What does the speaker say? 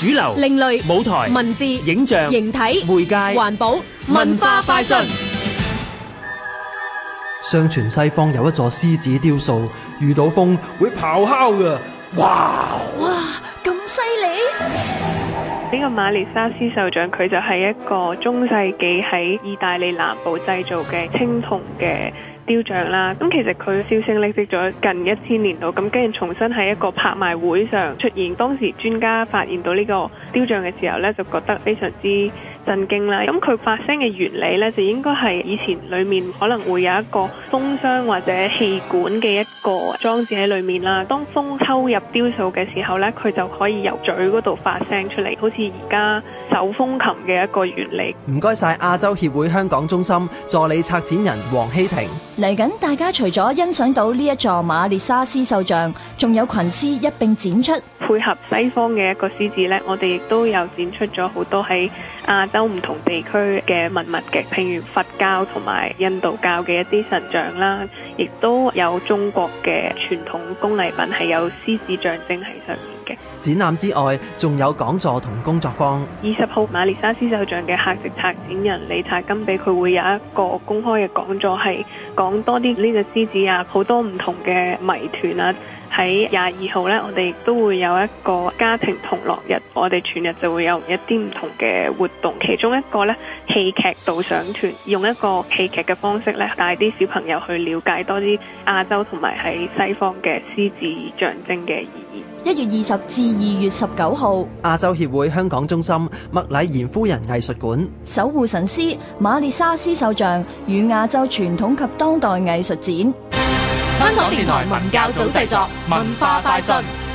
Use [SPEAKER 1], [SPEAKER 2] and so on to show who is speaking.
[SPEAKER 1] 主流、另
[SPEAKER 2] 類舞台、文字、影像、形體、媒介、環保、文
[SPEAKER 1] 化快訊。相傳西方有一座獅子雕塑，遇到風會咆哮㗎。哇哇，
[SPEAKER 3] 咁犀利！呢個馬列沙斯獅首像，佢就係一個中世紀喺意大利南部製造嘅青銅嘅。雕像啦，咁其實佢銷聲匿跡咗近一千年度，咁跟住重新喺一個拍賣會上出現，當時專家發現到呢個雕像嘅時候咧，就覺得非常之。震驚啦！咁佢發聲嘅原理咧，就應該係以前裏面可能會有一個風箱或者氣管嘅一個裝置喺裏面啦。當風抽入雕塑嘅時候咧，佢就可以由嘴嗰度發聲出嚟，好似而家手風琴嘅一個原理。
[SPEAKER 1] 唔該晒亞洲協會香港中心助理策展人黃希婷。
[SPEAKER 2] 嚟緊大家除咗欣賞到呢一座馬列沙斯獸像，仲有群獅一並展出。配合西方嘅一
[SPEAKER 3] 個獅子咧，我哋亦都有展出咗好多喺亞洲唔同地區嘅文物嘅，譬如佛教同埋印度教嘅一啲神像啦，亦都有中國嘅傳統工藝品係有獅子象徵喺上面嘅。
[SPEAKER 1] 展覽之外，仲有講座同工作坊。
[SPEAKER 3] 二十號馬來莎斯獅首像嘅客席策展人李泰金畀佢，會有一個公開嘅講座，係講多啲呢隻獅子啊，好多唔同嘅謎團啊。喺廿二號咧，我哋都會有一個家庭同樂日，我哋全日就會有一啲唔同嘅活動。其中一個咧，戲劇導賞團用一個戲劇嘅方式咧，帶啲小朋友去了解多啲亞洲同埋喺西方嘅獅子象徵嘅意
[SPEAKER 1] 義。一月二十至二月
[SPEAKER 2] 十九號，
[SPEAKER 1] 亞洲協會香港中心麥禮賢夫人藝術館
[SPEAKER 2] 《守護神獅馬列沙斯首像與亞洲傳統及當代藝術展》。香港電台文教組製作，文化
[SPEAKER 1] 快訊。